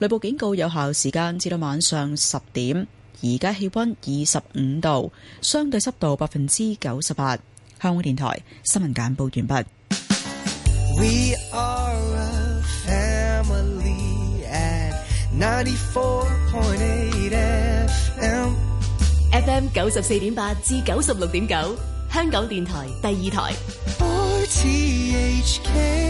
局部警告有效時間至到晚上十點。而家氣溫二十五度，相對濕度百分之九十八。香港電台新聞簡報完畢。FM 九十四點八至九十六點九，香港電台第二台。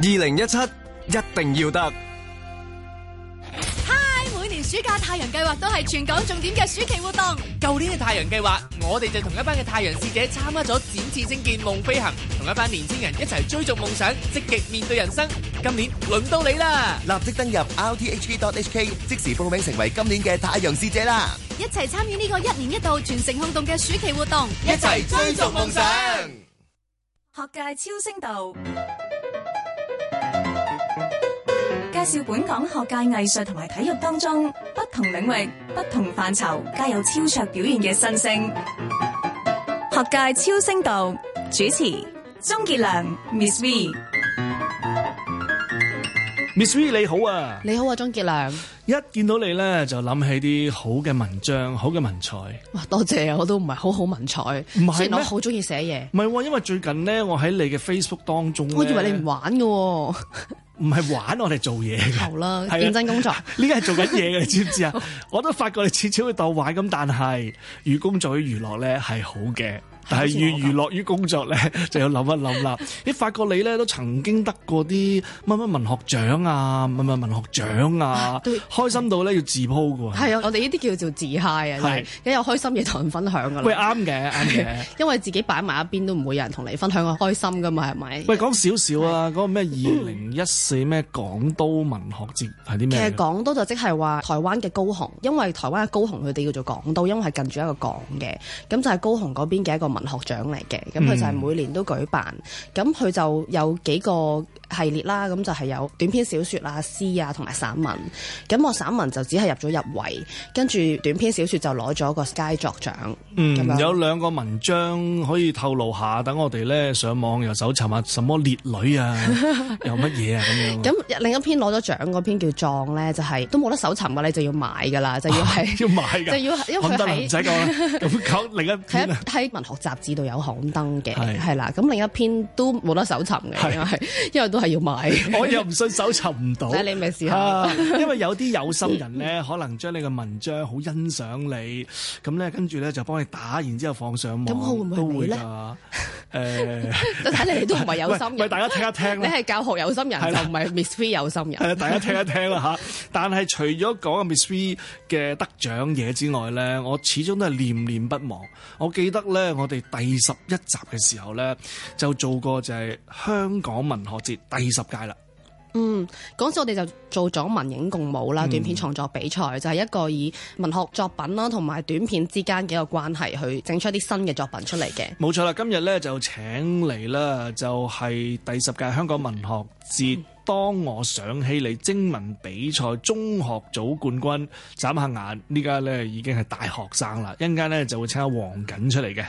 二零一七一定要得！嗨，每年暑假太陽計劃都係全港重點嘅暑期活動。舊年嘅太陽計劃，我哋就同一班嘅太陽使者參加咗展翅青見夢飛行，同一班年輕人一齊追逐夢想，積極面對人生。今年輪到你啦！立即登入 r t h k dot h k，即時報名成為今年嘅太陽使者啦！一齊參與呢個一年一度全城轟動嘅暑期活動，一齊追逐夢想。學界超聲道。介紹本港學界藝術同埋體育當中，不同領域、不同範疇，皆有超卓表現嘅新星。學界超星度，主持鍾傑良、Miss V Miss V 你好啊，你好啊，鍾傑良。一見到你咧，就諗起啲好嘅文章，好嘅文采。哇，多謝啊，我都唔係好好文采，唔係我好中意寫嘢。唔係、啊，因為最近咧，我喺你嘅 Facebook 當中，我以為你唔玩噶、哦，唔 係玩，我哋做嘢嘅。好啦吧，啊、認真工作，呢個係做緊嘢嘅，你知唔知啊？ 我都發覺你次次去鬥玩咁，但係與工作娛樂咧係好嘅。但係娛娛樂於工作咧， 就要諗一諗啦。你發覺你咧都曾經得過啲乜乜文學獎啊，乜乜文學獎啊，啊開心到咧要自 po 嘅。係啊，對對我哋呢啲叫做自嗨啊，係對，對有開心嘢同人分享嘅。喂，啱嘅，啱嘅。 因為自己擺埋一邊都唔會有人同你分享啊，開心嘅嘛係咪？喂，講少少啊，嗰對個咩二零一四咩港都文學節係啲咩？其實港都就即係話台灣嘅高雄，因為台灣嘅高雄佢哋叫做港都，因為係近住一個港嘅，咁就係高雄嗰邊嘅一個。文學獎嚟嘅，咁佢就係每年都舉辦，咁佢、嗯、就有幾個。系列啦，咁就係有短篇小説啦，詩啊、同埋散文。咁我散文就只係入咗入圍，跟住短篇小説就攞咗個佳作獎。嗯，有兩個文章可以透露下，等我哋咧上網又搜尋下什麼烈女啊，又乜嘢啊咁樣。咁另一篇攞咗獎嗰篇叫《壯》咧，就係都冇得搜尋嘅，你就要買噶啦，就要係要買，就要因為佢唔使講啦。咁講另一喺文學雜誌度有刊登嘅，係啦。咁另一篇都冇得搜尋嘅，因為因為都。係要買，我又唔信搜尋唔到。但係你咪試下，因為有啲有心人咧，可能將你嘅文章好欣賞你，咁咧跟住咧就幫你打，然之後放上網，都會咧。誒，睇你都唔係有心人。唔係大家聽一聽啦，你係教學有心人，係啦，唔係 Miss V 有心人。係啦，大家聽一聽啦吓。但係除咗講嘅 Miss V 嘅得獎嘢之外咧，我始終都係念念不忘。我記得咧，我哋第十一集嘅時候咧，就做過就係香港文學節。第十屆啦，嗯，嗰陣時我哋就做咗文影共舞啦，短片創作比賽、嗯、就係一個以文學作品啦同埋短片之間嘅一個關係去整出一啲新嘅作品出嚟嘅，冇錯啦。今日咧就請嚟啦，就係、是、第十屆香港文學節，嗯、當我想起你徵文比賽中學組冠軍，眨下眼呢家咧已經係大學生啦，一陣間咧就會請阿王瑾出嚟嘅。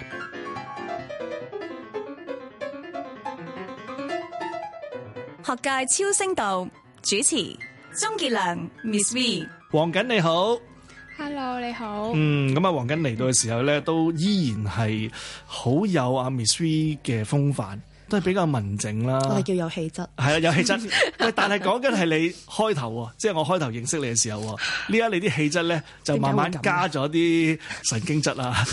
學界超聲道主持鍾傑良 Miss V 王瑾你好，Hello 你好，嗯，咁啊王瑾嚟到嘅時候咧，都依然係好有阿 Miss V 嘅風範，都係比較文靜啦，我係叫有氣質，係啊， 有氣質，但係講緊係你 開頭，即係我開頭認識你嘅時候，呢一你啲氣質咧就慢慢加咗啲神經質啦，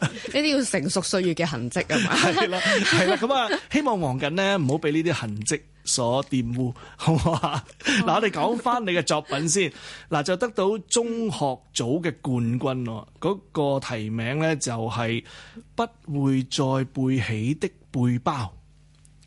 呢 啲 要成熟歲月嘅痕跡啊嘛，係啦係啦，咁啊希望王瑾咧唔好俾呢啲痕迹。所玷污，好唔好啊？嗱， 我哋講翻你嘅作品先。嗱， 就得到中學組嘅冠軍咯。嗰、那個提名咧就係、是、不會再背起的背包。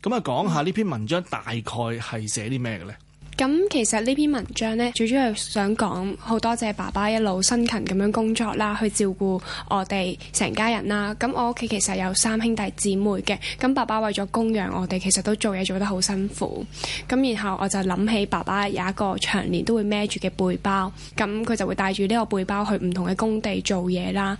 咁啊，講下呢篇文章大概係寫啲咩嘅咧？咁其實呢篇文章呢，最主要係想講好多謝爸爸一路辛勤咁樣工作啦，去照顧我哋成家人啦。咁我屋企其實有三兄弟姊妹嘅，咁爸爸為咗供養我哋，其實都做嘢做得好辛苦。咁然後我就諗起爸爸有一個長年都會孭住嘅背包，咁佢就會帶住呢個背包去唔同嘅工地做嘢啦，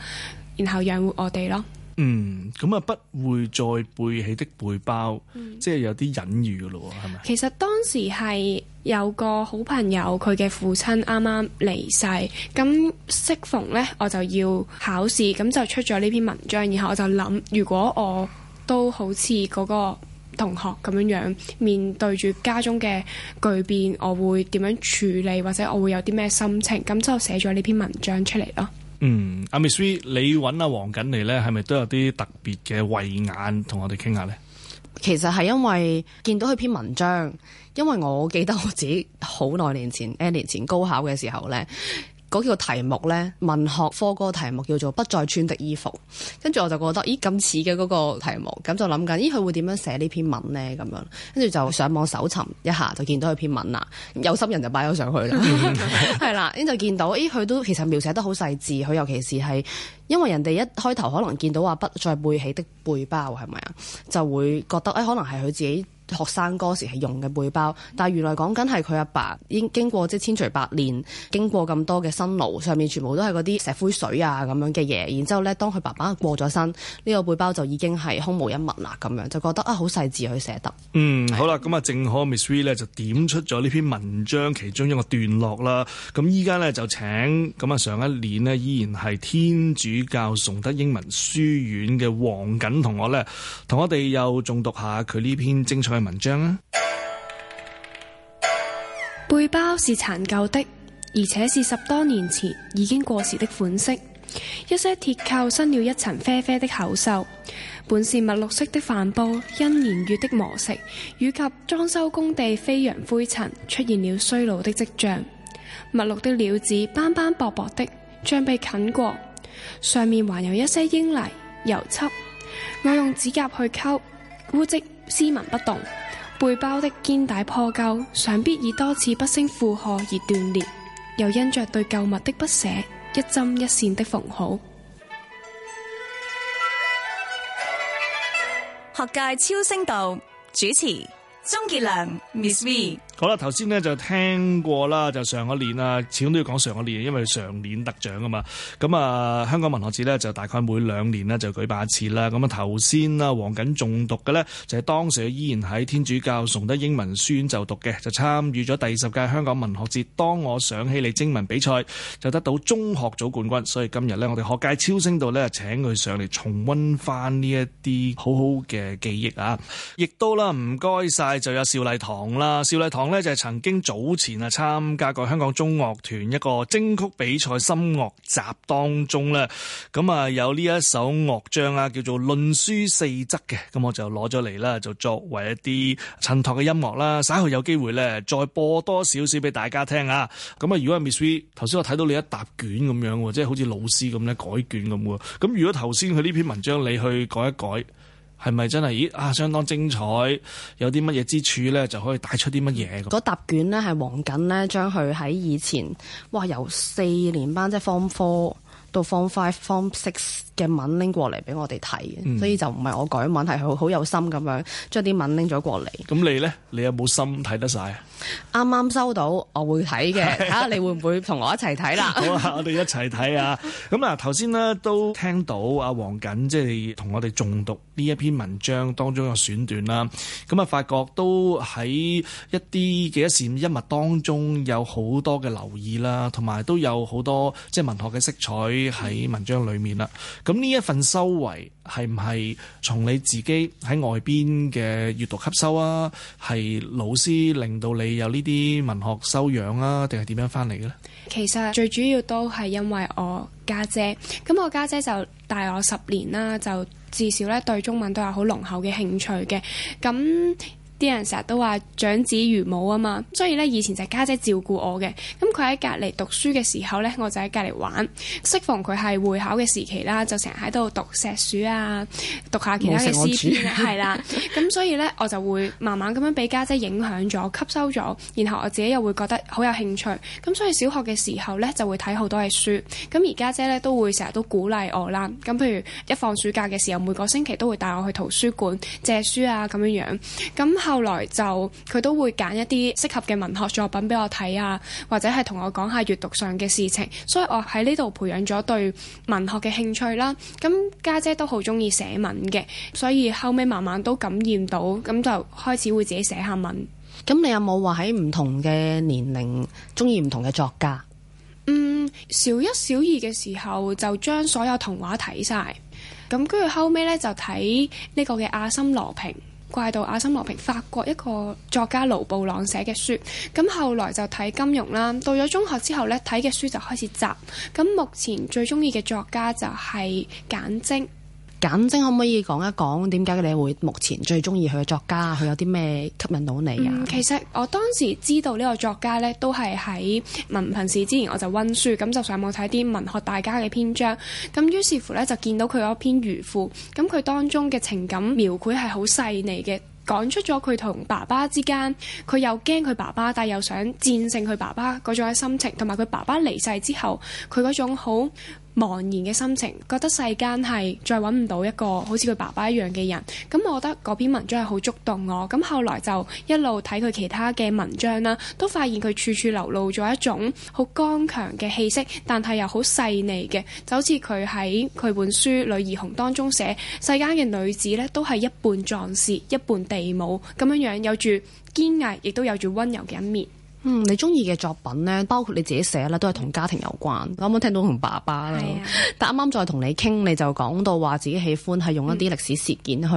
然後養活我哋咯。嗯，咁啊，不會再背起的背包，嗯、即係有啲隱喻噶咯，係咪？其實當時係有個好朋友，佢嘅父親啱啱離世，咁適逢呢，我就要考試，咁就出咗呢篇文章。然後我就諗，如果我都好似嗰個同學咁樣樣面對住家中嘅巨變，我會點樣處理，或者我會有啲咩心情？咁之後寫咗呢篇文章出嚟咯。嗯，阿 Missie，你揾阿王瑾嚟咧，係咪都有啲特別嘅慧眼同我哋傾下咧？其實係因為見到佢篇文章，因為我記得我自己好耐年前，誒年前高考嘅時候咧。嗰個題目呢，文學科嗰個題目叫做不再穿的衣服，跟住我就覺得，咦咁似嘅嗰個題目，咁就諗緊，咦佢會點樣寫呢篇文呢？咁樣跟住就上網搜尋一下，就見到佢篇文啦。有心人就擺咗上去啦，係啦， 咁就見到，咦佢都其實描寫得好細緻。佢尤其是係因為人哋一開頭可能見到話不再背起的背包係咪啊，就會覺得誒可能係佢自己。學生嗰時係用嘅背包，但係原來講緊係佢阿爸爸，經經過即係千錘百鍊，經過咁多嘅辛勞，上面全部都係嗰啲石灰水啊咁樣嘅嘢。然之後咧，當佢爸爸過咗身，呢個背包就已經係空無一物啦。咁樣就覺得啊，好細緻佢寫得。嗯，好啦，咁啊，正好 Miss V 咧就點出咗呢篇文章其中一個段落啦。咁依家咧就請咁啊，上一年呢，依然係天主教崇德英文書院嘅王瑾同學咧，同我哋又重讀下佢呢篇精彩文章啊，背包是殘舊的，而且是十多年前已經過時的款式。一些鐵扣生了一層啡啡的鏽，本是墨綠色的帆布，因年月的磨蝕以及裝修工地飛揚灰塵，出現了衰老的跡象。墨綠的料子斑斑薄薄的，將被啃過，上面還有一些英泥油漆。我用指甲去溝污跡。絲文不動，背包的肩帶破舊，想必已多次不勝負荷而斷裂。又因着對舊物的不捨，一針一線的縫好。學界超聲道主持鍾杰良 Ms V。好啦，頭先呢就聽過啦，就上一年啊，始終都要講上一年，因為上年得獎噶嘛。咁啊、呃，香港文學節呢，就大概每兩年呢，就舉辦一次啦。咁啊，頭先啊，王瑾仲讀嘅呢，就係、是、當時依然喺天主教崇德英文書院就讀嘅，就參與咗第十屆香港文學節。當我想起你徵文比賽，就得到中學組冠軍。所以今日呢，我哋學界超聲度咧，請佢上嚟重溫翻呢一啲好好嘅記憶啊！亦都啦，唔該晒，就有少禮堂啦，少禮堂。呢就係曾經早前啊參加過香港中樂團一個徵曲比賽心樂集當中咧，咁啊有呢一首樂章啊叫做論書四則嘅，咁我就攞咗嚟啦，就作為一啲襯托嘅音樂啦，稍後有機會咧再播多少少俾大家聽啊。咁啊，如果係 Ms V，頭先我睇到你一沓卷咁樣喎，即係好似老師咁咧改卷咁嘅，咁如果頭先佢呢篇文章你去改一改。係咪真係，咦啊，相當精彩，有啲乜嘢之處咧？就可以帶出啲乜嘢咁？個答卷呢係黃緊咧，將佢喺以前，哇，由四年班即係 f o 到 form five、form six 嘅文拎過嚟俾我哋睇，嗯、所以就唔係我改文，係好好有心咁樣將啲文拎咗過嚟。咁你咧，你有冇心睇得晒？啊啱啱收到，我會睇嘅吓。 看看你會唔會同我一齊睇啦？ 好啊，我哋一齊睇啊！咁啊， 頭先咧都聽到阿王瑾即係同我哋誦讀呢一篇文章當中嘅選段啦。咁啊，發覺都喺一啲幾一線一物當中有好多嘅留意啦，同埋都有好多即係、就是、文學嘅色彩。喺、嗯、文章裏面啦，咁呢一份修為係唔係從你自己喺外邊嘅閱讀吸收啊？係老師令到你有呢啲文學修養啊？定係點樣翻嚟嘅咧？其實最主要都係因為我家姐，姐，咁我家姐，姐就大我十年啦，就至少咧對中文都有好濃厚嘅興趣嘅，咁。啲人成日都話長子如母啊嘛，所以咧以前就係家姐照顧我嘅。咁佢喺隔離讀書嘅時候咧，我就喺隔離玩。適逢佢係會考嘅時期啦，就成日喺度讀石書啊，讀下其他嘅詩篇係啦。咁 所以咧，我就會慢慢咁樣俾家姐影響咗、吸收咗。然後我自己又會覺得好有興趣。咁所以小學嘅時候咧，就會睇好多嘅書。咁而家姐咧都會成日都鼓勵我啦。咁譬如一放暑假嘅時候，每個星期都會帶我去圖書館借書啊咁樣樣。咁後～後來就佢都會揀一啲適合嘅文學作品俾我睇啊，或者係同我講下閱讀上嘅事情，所以我喺呢度培養咗對文學嘅興趣啦。咁家姐，姐都好中意寫文嘅，所以後尾慢慢都感染到，咁就開始會自己寫下文。咁你有冇話喺唔同嘅年齡中意唔同嘅作家？嗯，小一、小二嘅時候就將所有童話睇晒，咁跟住後尾咧就睇呢個嘅亞森羅平。怪盜亞森羅蘋，法國一個作家盧布朗寫嘅書，咁後來就睇金庸啦。到咗中學之後咧，睇嘅書就開始雜。咁目前最鍾意嘅作家就係簡媜。簡稱可唔可以講一講點解你會目前最中意佢嘅作家？佢有啲咩吸引到你啊、嗯？其實我當時知道呢個作家呢，都係喺文憑試之前我就温書，咁就上網睇啲文學大家嘅篇章，咁於是乎呢，就見到佢嗰篇《漁父》，咁佢當中嘅情感描繪係好細膩嘅，講出咗佢同爸爸之間，佢又驚佢爸爸，但又想戰勝佢爸爸嗰種嘅心情，同埋佢爸爸離世之後，佢嗰種好茫然嘅心情，覺得世間係再揾唔到一個好似佢爸爸一樣嘅人。咁我覺得嗰篇文章係好觸動我。咁後來就一路睇佢其他嘅文章啦，都發現佢處處流露咗一種好剛強嘅氣息，但係又好細膩嘅。就好似佢喺佢本書《女兒紅》當中寫，世間嘅女子呢，都係一半壯士，一半地母咁樣樣，有住堅毅，亦都有住温柔嘅一面。嗯，你中意嘅作品咧，包括你自己寫啦，都係同家庭有關。啱啱聽到同爸爸啦，啊、但啱啱再同你傾，你就講到話自己喜歡係用一啲歷史事件去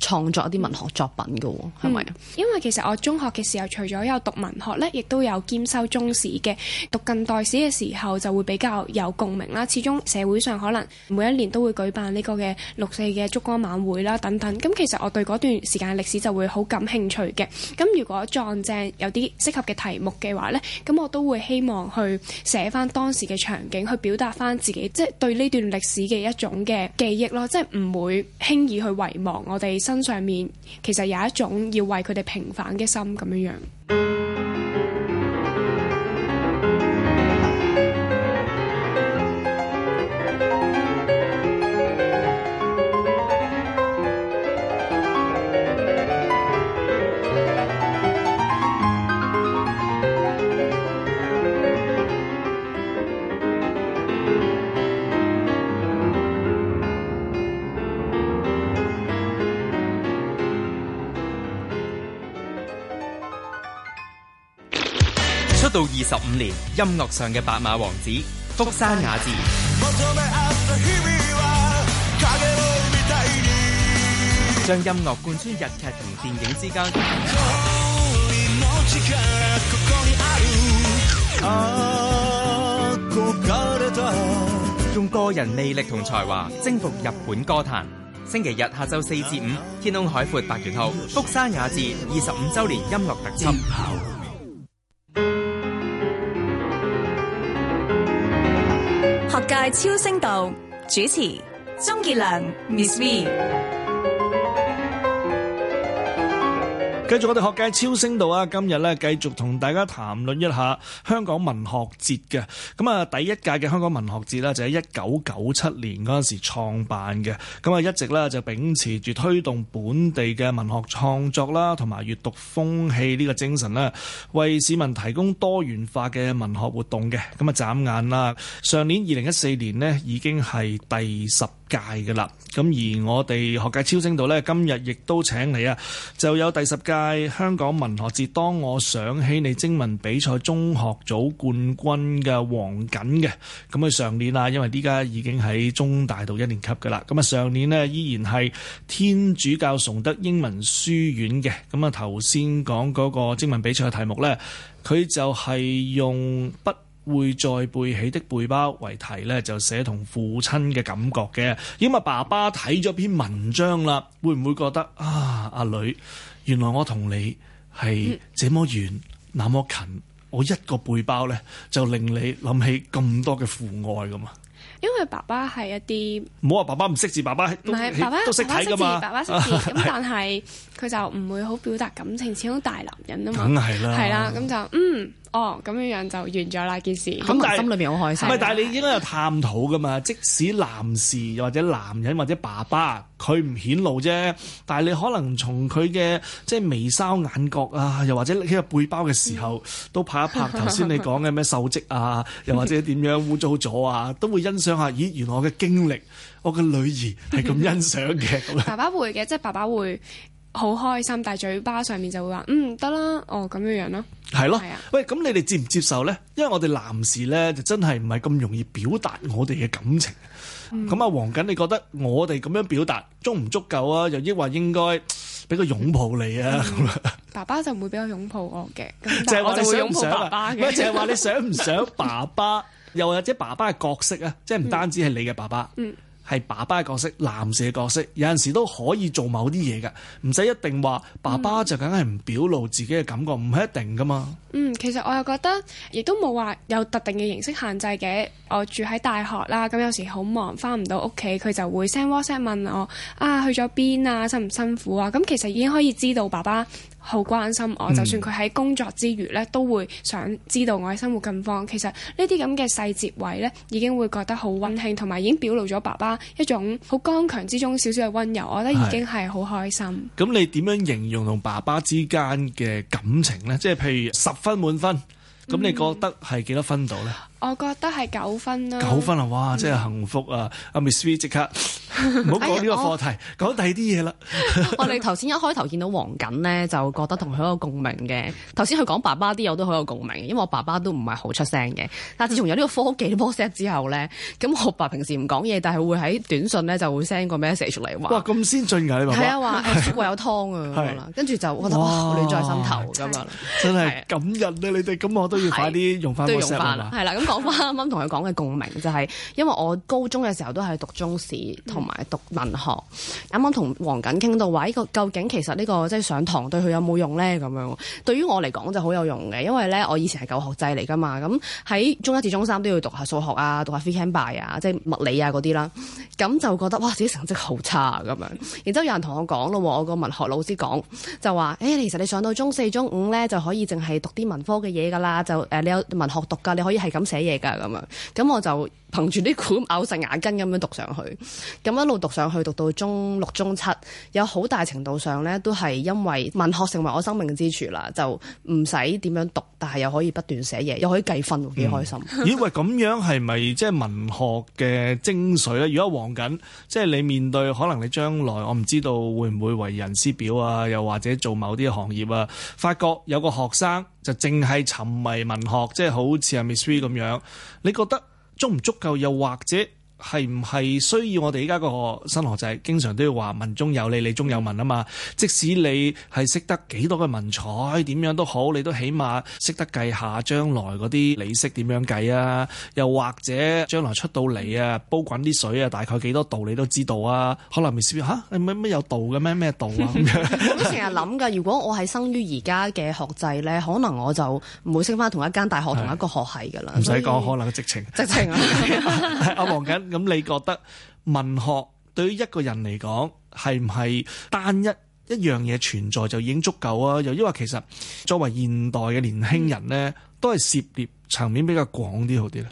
創作一啲文學作品噶，係咪、嗯吧嗯？因為其實我中學嘅時候，除咗有讀文學呢，亦都有兼修中史嘅。讀近代史嘅時候，就會比較有共鳴啦。始終社會上可能每一年都會舉辦呢個嘅六四嘅燭光晚會啦，等等。咁其實我對嗰段時間嘅歷史就會好感興趣嘅。咁如果撞正有啲適合嘅題目，嘅話呢，咁我都會希望去寫翻當時嘅場景，去表達翻自己，即係對呢段歷史嘅一種嘅記憶咯，即係唔會輕易去遺忘。我哋身上面其實有一種要為佢哋平反嘅心咁樣樣。到二十五年，音樂上嘅白馬王子福山雅治，音樂將音樂貫穿日劇同電影之間， 用個人魅力同才華徵服日本歌壇。星期日下晝四至五，天空海闊八月號，福山雅治二十五週年音樂特輯。界超聲道，主持鍾傑良 Miss V。繼續我哋學界超聲道啊！今日咧，繼續同大家談論一下香港文學節嘅。咁啊，第一屆嘅香港文學節咧就喺一九九七年陣時創辦嘅，咁啊一直咧就秉持住推動本地嘅文學創作啦，同埋閱讀風氣呢個精神咧，為市民提供多元化嘅文學活動嘅。咁啊，眨眼啦，上年二零一四年咧已經係第十屆㗎啦。咁而我哋學界超聲道咧，今日亦都請你啊，就有第十屆。香港文學節，當我想起你徵文比賽中學組冠軍嘅王瑾嘅，咁佢上年啊，因為呢家已經喺中大讀一年級噶啦，咁啊上年呢，依然係天主教崇德英文書院嘅，咁啊頭先講嗰個徵文比賽嘅題目呢，佢就係用不會再背起的背包為題呢，就寫同父親嘅感覺嘅，因為爸爸睇咗篇文章啦，會唔會覺得啊阿女？原來我同你係這麼遠那麼近。嗯、我一個背包咧就令你諗起咁多嘅父愛噶嘛？因為爸爸係一啲唔好話爸爸唔識字，爸爸都識睇噶嘛。爸爸識字，爸爸識字，咁但係佢就唔會好表達感情，似好大男人啊嘛。梗係啦，係啦，咁就嗯。哦，咁樣樣就完咗啦件事。咁但係心裏邊好開心。唔係是的，但係你應該有探討噶嘛。 即使男士又或者男人或者爸爸，佢唔顯露啫。但係你可能從佢嘅即係眉梢眼角啊，又或者拎起個背包嘅時候， 都拍一拍。頭先你講嘅咩秀績啊，又或者點樣污糟咗啊，都會欣賞下。咦，原來我嘅經歷，我嘅女兒係咁欣賞嘅。 爸爸會嘅，即係爸爸會。好開心，但係嘴巴上面就會話嗯，得啦，哦咁樣樣咯，係咯係。啊喂，咁你哋接唔接受咧？因為我哋男士咧就真係唔係咁容易表達我哋嘅感情，咁、嗯、啊王瑾你覺得我哋咁樣表達足唔足夠啊？又抑或應該俾個擁抱你啊？嗯、爸爸就唔會俾個擁抱我嘅，就 我就會擁抱，抱爸爸嘅， 就係、是、話你想唔想爸爸？又或者爸爸嘅角色啊？即係唔單止係你嘅爸爸。嗯嗯係爸爸嘅角色，男士嘅角色，有陣時都可以做某啲嘢㗎，唔使一定話爸爸就梗係唔表露自己嘅感覺，唔係一定噶嘛。嗯，其實我又覺得，亦都冇話有，有特定嘅形式限制嘅。我住喺大學啦，咁有時好忙，返唔到屋企，佢就會 send WhatsApp 問我啊，去咗邊啊，辛唔辛苦啊？咁其實已經可以知道爸爸好關心我，嗯、就算佢喺工作之餘咧，都會想知道我嘅生活近況。其實呢啲咁嘅細節位咧，已經會覺得好溫馨，同埋已經表露咗爸爸一種好剛強之中少少嘅溫柔。的我覺得已經係好開心。咁你點樣形容同爸爸之間嘅感情呢？即係譬如十分滿分，咁你覺得係幾多分到呢？嗯我覺得係九分咯，九分啊！哇，真係幸福啊！阿 Ms V 即刻唔好講呢個課題，講第二啲嘢啦。我哋頭先一開頭見到王瑾咧，就覺得同佢一有共鳴嘅。頭先佢講爸爸啲我都好有共鳴，因為我爸爸都唔係好出聲嘅。但係自從有呢個科技 WhatsApp 之後咧，咁我爸平時唔講嘢，但係會喺短信咧就會 send 個 message 嚟話。哇！咁先進㗎，你爸爸，係啊，話誒，我有湯啊，咁樣，跟住就覺得，哇，暖在心頭咁啊！真係感人啊！你哋咁，我都要快啲用翻 WhatsApp 啦。講返啱啱同佢講嘅共鳴，就係、是、因為我高中嘅時候都係讀中史同埋讀文學。啱啱同王瑾傾到話，呢個究竟其實、這個、有有呢個即係上堂對佢有冇用咧？咁樣對於我嚟講就好有用嘅，因為咧我以前係舊學制嚟㗎嘛。咁、嗯、喺中一至中三都要讀下數學啊，讀下 physics 啊，即係物理啊嗰啲啦。咁就覺得哇，自己成績好差咁、啊、樣。然之後有人同我講咯，我個文學老師講就話，誒、欸，其實你上到中四、中五咧就可以淨係讀啲文科嘅嘢㗎啦。就誒、呃，你有文學讀㗎，你可以係咁寫。寫嘢噶咁樣，咁我就憑住啲苦咬實牙根咁樣讀上去，咁一路讀上去，讀到中六、中七，有好大程度上咧都係因為文學成為我生命嘅支柱啦，就唔使點樣讀，但係又可以不斷寫嘢，又可以計分，幾開心。咦、嗯欸？喂，咁樣係咪即係文學嘅精髓咧？ 如果王瑾，即係你面對可能你將來，我唔知道會唔會為人師表啊，又或者做某啲行業啊，發覺有個學生。就淨係沉迷文學，即係好似阿 Ms V 咁樣，你覺得足唔足夠又或者？係唔係需要我哋依家個新學制？經常都要話「文中有理，理中有文」啊嘛。即使你係識得幾多嘅文采，點樣都好，你都起碼識得計下將來嗰啲利息點樣計啊。又或者將來出到嚟啊，煲滾啲水啊，大概幾多度你都知道啊。可能未識，嚇、啊？乜、啊、有道嘅咩咩道啊咁樣。我都成日諗㗎。如果我係生於而家嘅學制咧，可能我就唔會升翻同一間大學同一個學系㗎啦。唔使講，以可能直情直情啊。我忙緊。咁你覺得文學對於一個人嚟講，係唔係單一一樣嘢存在就已經足夠啊？又因為，其實作為現代嘅年輕人呢，嗯、都係涉獵層面比較廣啲好啲咧。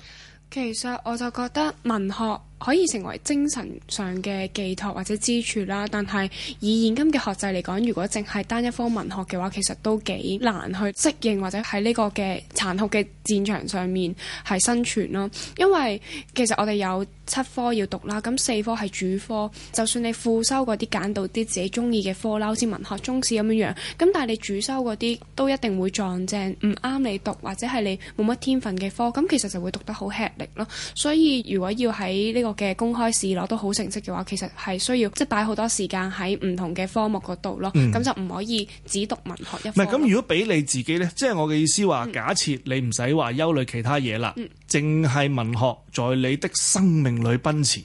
其實我就覺得文學。可以成為精神上嘅寄託或者支柱啦，但係以現今嘅學制嚟講，如果淨係單一科文學嘅話，其實都幾難去適應或者喺呢個嘅殘酷嘅戰場上面係生存咯。因為其實我哋有七科要讀啦，咁四科係主科，就算你副修嗰啲揀到啲自己中意嘅科啦，好似文學、中史咁樣樣，咁但係你主修嗰啲都一定會撞正唔啱你讀，或者係你冇乜天分嘅科，咁其實就會讀得好吃力咯。所以如果要喺呢個嘅公開試攞到好成績嘅話，其實係需要即係擺好多時間喺唔同嘅科目嗰度咯，咁就唔可以只讀文學一唔係咁。如果俾你自己呢，即係我嘅意思話，假設你唔使話憂慮其他嘢啦，淨係文學在你的生命裏奔馳，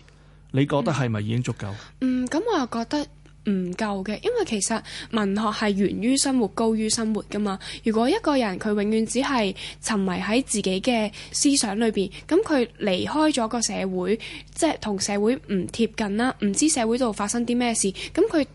你覺得係咪已經足夠？嗯，咁、嗯嗯、我又覺得。唔夠嘅，因為其實文學係源於生活、高於生活噶嘛。如果一個人佢永遠只係沉迷喺自己嘅思想裏邊，咁佢離開咗個社會，即係同社會唔貼近啦，唔知社會度發生啲咩事，咁佢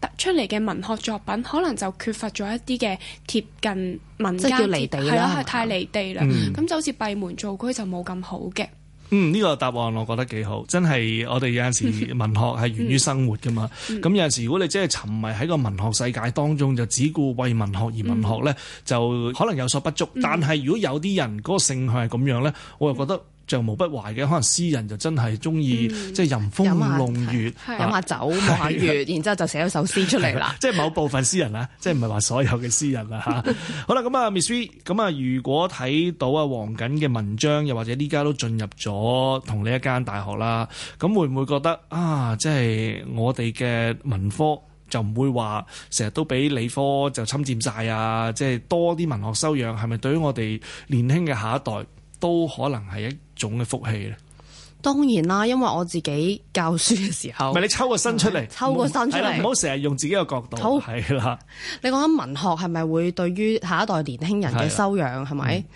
突出嚟嘅文學作品可能就缺乏咗一啲嘅貼近民間，係咯，係咪？係，太離地啦。咁、嗯、就好似閉門造車，就冇咁好嘅。嗯，呢、這個答案我覺得幾好，真係我哋有陣時文學係源於生活㗎嘛。咁、嗯嗯、有陣時如果你真係沉迷喺個文學世界當中，就只顧為文學而文學咧，嗯、就可能有所不足。嗯、但係如果有啲人嗰個性向係咁樣咧，我又覺得。著無不壞嘅，可能詩人就真係中意即係吟風弄月，飲下酒，望、啊、下月，的然之後就寫咗首詩出嚟啦。的的即係某部分詩人啦， 即係唔係話所有嘅詩人啦嚇。好啦，咁啊，Miss V 咁啊， v, 如果睇到啊王瑾嘅文章，又或者呢家都進入咗同你一間大學啦，咁會唔會覺得啊，即、就、係、是、我哋嘅文科就唔會話成日都俾理科就侵佔晒啊？即、就、係、是、多啲文學修養係咪對於我哋年輕嘅下一代？都可能係一種嘅福氣咧。當然啦，因為我自己教書嘅時候，唔係你抽個身出嚟， 抽個身出嚟，唔好成日用自己嘅角度。好抽，係啦。你講緊文學係咪會對於下一代年輕人嘅修養係咪？啦吧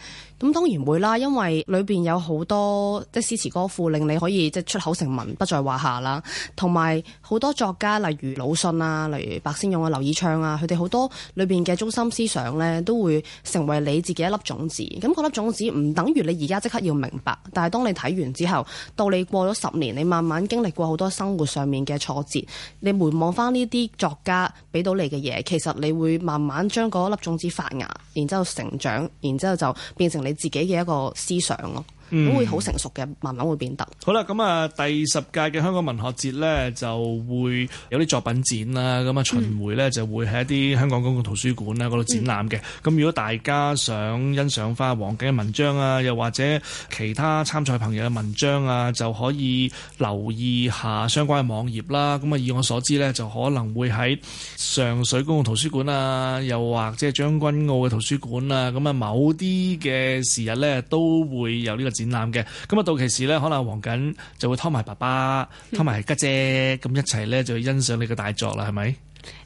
咁當然會啦，因為裏邊有好多即係詩詞歌賦，令你可以即係出口成文，不在話下啦。同埋好多作家，例如魯迅啊，例如白先勇啊、劉以鬯啊，佢哋好多裏邊嘅中心思想呢，都會成為你自己一粒種子。咁嗰粒種子唔等於你而家即刻要明白，但係當你睇完之後，到你過咗十年，你慢慢經歷過好多生活上面嘅挫折，你回望翻呢啲作家俾到你嘅嘢，其實你會慢慢將嗰粒種子發芽，然之後成長，然之後就變成你你自己嘅一個思想咯。都、嗯、會好成熟嘅，慢慢會變得。好啦，咁啊第十屆嘅香港文學節咧，就會有啲作品展啦，咁啊、嗯、巡回咧就會喺一啲香港公共圖書館啦嗰度展覽嘅。咁、嗯、如果大家想欣賞翻王瑾嘅文章啊，又或者其他參賽朋友嘅文章啊，就可以留意下相關嘅網頁啦。咁啊以我所知咧，就可能會喺上水公共圖書館啊，又或者將軍澳嘅圖書館啊，咁啊某啲嘅時日咧都會有呢個。展覽嘅咁啊，到期時咧可能王瑾就會拖埋爸爸、拖埋家姐，咁一齊咧就欣賞你嘅大作啦，係咪？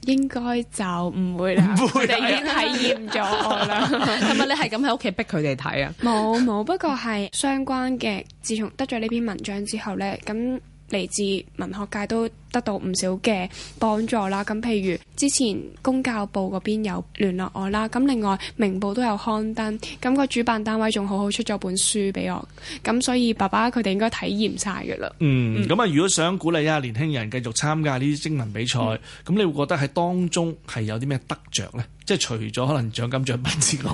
應該就唔會啦，你已經體驗咗我啦，係咪？ 你係咁喺屋企逼佢哋睇啊？冇冇，不過係相關嘅。自從得咗呢篇文章之後咧，咁嚟自文學界都。得到唔少嘅幫助啦，咁譬如之前公教部嗰邊有聯絡我啦，咁另外明報都有刊登，咁、那個主辦單位仲好好出咗本書俾我，咁所以爸爸佢哋應該體驗晒㗎喇。嗯，咁啊、嗯，如果想鼓勵下年輕人繼續參加呢啲徵文比賽，咁、嗯、你會覺得喺當中係有啲咩得著呢？即、就、係、是、除咗可能獎金獎品之外，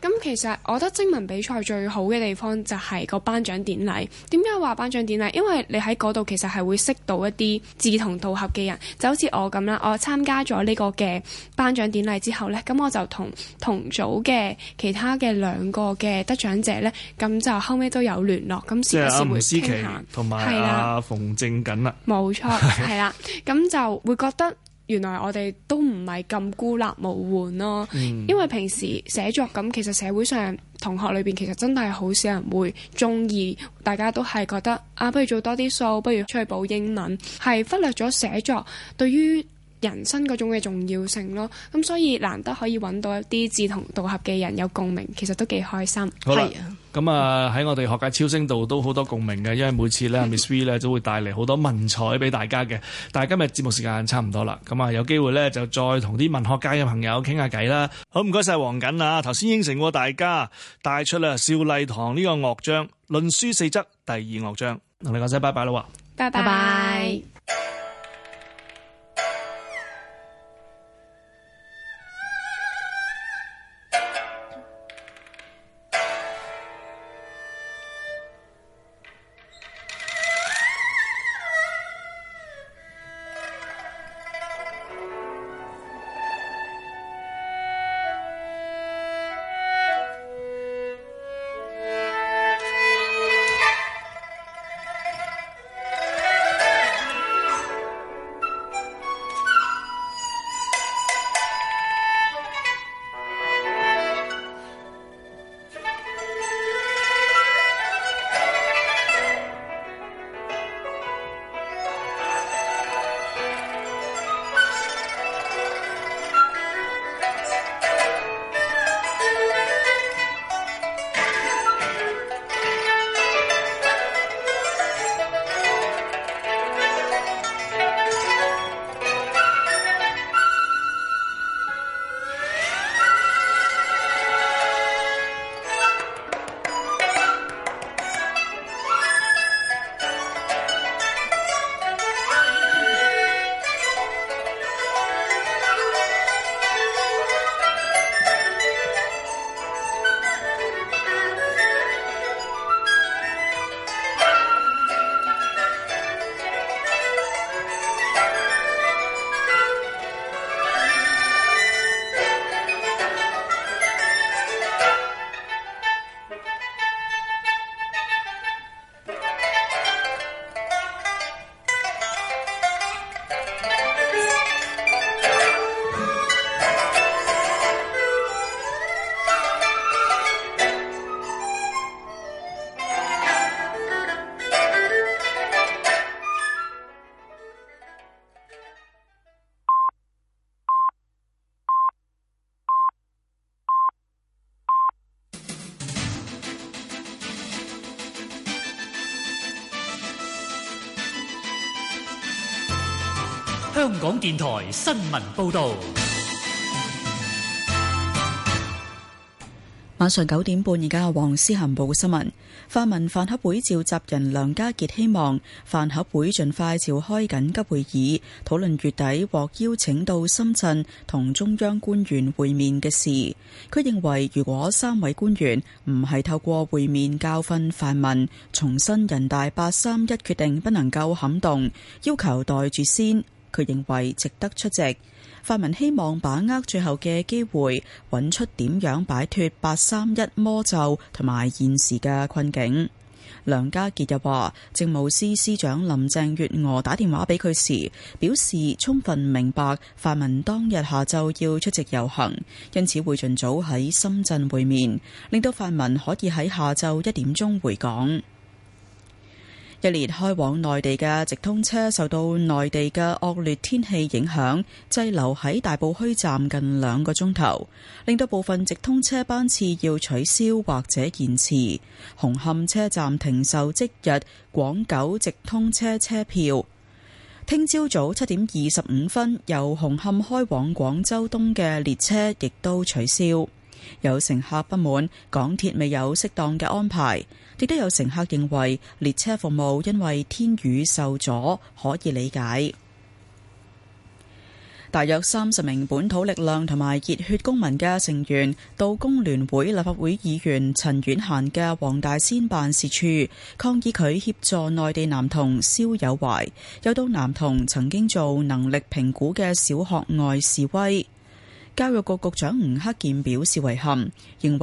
咁 其實我覺得徵文比賽最好嘅地方就係個頒獎典禮。點解話頒獎典禮？因為你喺嗰度其實係會識到一啲。志同道合嘅人，就好似我咁啦。我參加咗呢個嘅頒獎典禮之後呢，咁我就同同組嘅其他嘅兩個嘅得獎者呢，咁就後尾都有聯絡，咁時不時會傾談同埋阿馮正瑾啦？冇錯，係啦。咁就會覺得原來我哋都唔係咁孤立無援咯。嗯、因為平時寫作咁，其實社會上。同學裏邊其實真係好少人會鍾意，大家都係覺得啊，不如做多啲數，不如出去補英文，係忽略咗寫作對於人生嗰種嘅重要性咯。咁所以難得可以揾到一啲志同道合嘅人有共鳴，其實都幾開心。好啦吧。係啊。咁啊喺我哋學界超聲度都好多共鳴嘅，因為每次咧 Miss V 咧都會帶嚟好多文采俾大家嘅。但係今日節目時間差唔多啦，咁啊有機會咧就再同啲文學界嘅朋友傾下偈啦。好唔該晒，王瑾啊，頭先應承過大家帶出啦《少麗堂》呢個樂章《論書四則》第二樂章。同你講聲拜拜咯喎，拜拜 bye。Bye bye 港電台新聞報道，晚上九點半，而家黃思涵報新聞。泛民飯盒會召集人梁家傑希望飯盒會盡快召開緊急會議，討論月底獲邀請到深圳同中央官員會面嘅事。佢認為，如果三位官員唔係透過會面教訓泛民重申人大八三一決定，不能夠撼動，要求待住先。佢認為值得出席，泛民希望把握最後嘅機會，揾出點樣擺脫八三一魔咒同埋現時嘅困境。梁家傑又話，政務司司長林鄭月娥打電話俾佢時，表示充分明白泛民當日下晝要出席遊行，因此會盡早喺深圳會面，令到泛民可以喺下晝一點鐘回港。一列開往內地嘅直通車受到內地嘅惡劣天氣影響，滯留喺大埔墟站近兩個鐘頭，令到部分直通車班次要取消或者延遲。紅磡車站停售即日廣九直通車車票。聽朝早七點二十五分由紅磡開往廣州東嘅列車亦都取消，有乘客不滿港鐵未有適當嘅安排。亦都有乘客認為列車服務因為天雨受阻可以理解。大約三十名本土力量同埋熱血公民嘅成員到工聯會立法會議員陳婉嫻嘅黃大仙辦事處抗議佢協助內地男童肖友懷，又到男童曾經做能力評估嘅小學外示威。教育局局長吳克健表示遺憾，認為。